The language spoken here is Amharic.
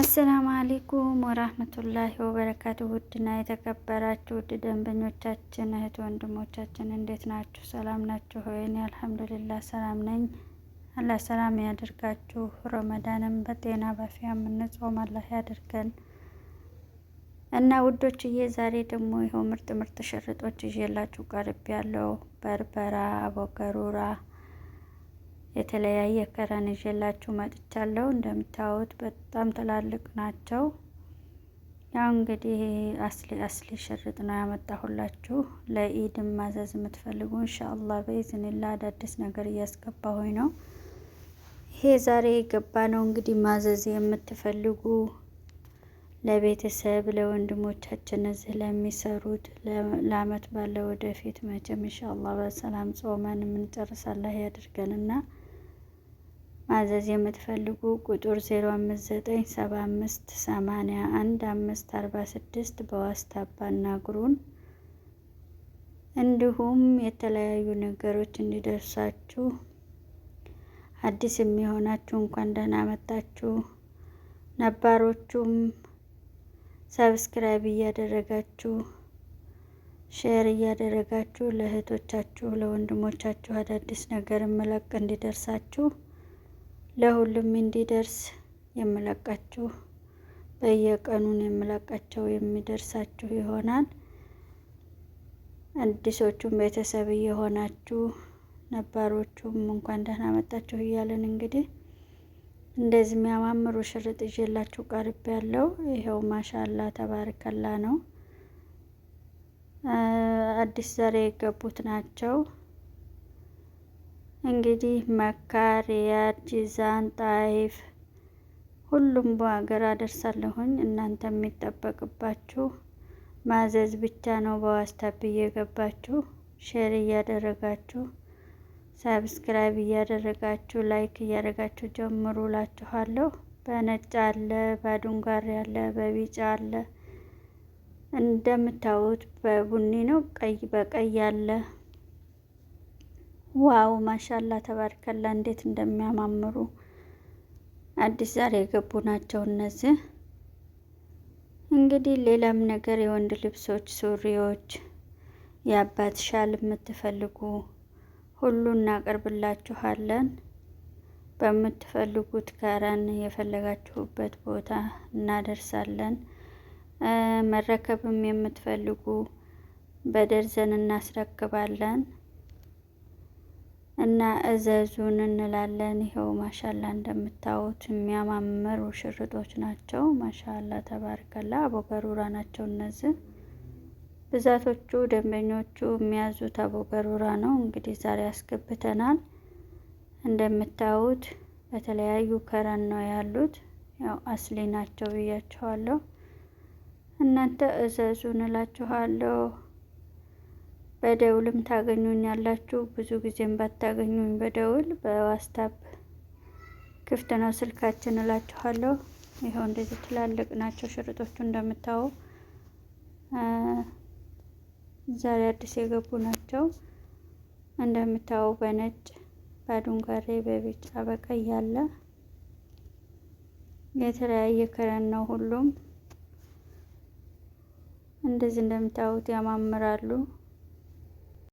አሰላሙ አሌይኩም ወራህመቱላሂ ወበረካቱ። ውድና የተከበራችሁ ውድ ደንበኞቻችን እህት ወንድሞቻችን እንዴት ናችሁ? ሰላም ናችሁ? ወይኔ አልሐምዱሊላህ ሰላም ነኝ። አላህ ሰላም ያደርጋችሁ። ረመዳንም በጤና በፊያ የምንጾም አላህ ያደርገን እና ውዶችዬ፣ ዛሬ ደግሞ ይኸው ምርጥ ምርጥ ሽርጦች ይዤላችሁ ቀርብ ያለው በርበራ አቦገሩራ የተለያየ ከረን ይዤላችሁ መጥቻለሁ። እንደምታዩት በጣም ትላልቅ ናቸው። ያው እንግዲህ አስሊ አስሊ ሽርጥ ነው ያመጣሁላችሁ። ለኢድም ማዘዝ የምትፈልጉ እንሻአላ በኢዝኒላ አዳዲስ ነገር ሆይ ነው። ይሄ ዛሬ የገባ ነው። እንግዲህ ማዘዝ የምትፈልጉ ለቤተሰብ ለወንድሞቻችን እዚህ ለሚሰሩት ለአመት ባለ ወደፊት መቼም እንሻአላ በሰላም ጾመን የምንጨርሳላ ያድርገንና ማዘዝ የምትፈልጉ ቁጥር 05975814546 በዋስታፕ አናግሩን። እንዲሁም የተለያዩ ነገሮች እንዲደርሳችሁ አዲስ የሚሆናችሁ እንኳን ደህና መጣችሁ፣ ነባሮቹም ሰብስክራይብ እያደረጋችሁ ሼር እያደረጋችሁ ለእህቶቻችሁ ለወንድሞቻችሁ አዳዲስ ነገር መለቅ እንዲደርሳችሁ ለሁሉም እንዲደርስ የምለቃችሁ በየቀኑን የምለቃቸው የሚደርሳችሁ ይሆናል። አዲሶቹም ቤተሰብ እየሆናችሁ ነባሮቹም እንኳን ደህና መጣችሁ እያለን እንግዲህ እንደዚህ የሚያማምሩ ሽርጥ ይዤላችሁ ቀርብ ያለው ይኸው ማሻላ ተባርከላ ነው። አዲስ ዘሬ የገቡት ናቸው። እንግዲህ መካ፣ ሪያድ፣ ጂዛን፣ ጣይፍ ሁሉም በሀገር አደርሳለሁኝ። እናንተ የሚጠበቅባችሁ ማዘዝ ብቻ ነው። በዋስታፕ እየገባችሁ ሼር እያደረጋችሁ ሳብስክራይብ እያደረጋችሁ ላይክ እያደረጋችሁ ጀምሩ ላችኋለሁ። በነጭ አለ፣ በአዱንጋሬ አለ፣ በቢጫ አለ፣ እንደምታዩት በቡኒ ነው። ቀይ በቀይ አለ ዋው ማሻላ ተባርከላ እንዴት እንደሚያማምሩ አዲስ ዛሬ የገቡ ናቸው እነዚህ። እንግዲህ ሌላም ነገር የወንድ ልብሶች፣ ሱሪዎች፣ የአባት ሻል የምትፈልጉ ሁሉ እናቀርብላችኋለን። በምትፈልጉት ከረን የፈለጋችሁበት ቦታ እናደርሳለን። መረከብም የምትፈልጉ በደርዘን እናስረክባለን። እና እዘዙን እንላለን። ይኸው ማሻላ እንደምታዩት የሚያማምሩ ሽርጦች ናቸው። ማሻላ ተባርከላ አቦገሩራ ናቸው እነዚህ ብዛቶቹ። ደንበኞቹ የሚያዙት አቦገሩራ ነው። እንግዲህ ዛሬ ያስገብተናል። እንደምታዩት በተለያዩ ከረን ነው ያሉት። ያው አስሊ ናቸው ብያችኋለሁ። እናንተ እዘዙ እንላችኋለሁ። በደውልም ታገኙኝ ያላችሁ ብዙ ጊዜም ባታገኙኝ በደውል በዋስታፕ ክፍት ነው ስልካችን እላችኋለሁ። ይኸው እንደዚህ ትላልቅ ናቸው ሽርጦቹ እንደምታዩ ዛሬ አዲስ የገቡ ናቸው። እንደምታዩ በነጭ በአዱንጋሬ በቢጫ በቀይ ያለ የተለያየ ክረን ነው ሁሉም። እንደዚህ እንደምታዩት ያማምራሉ።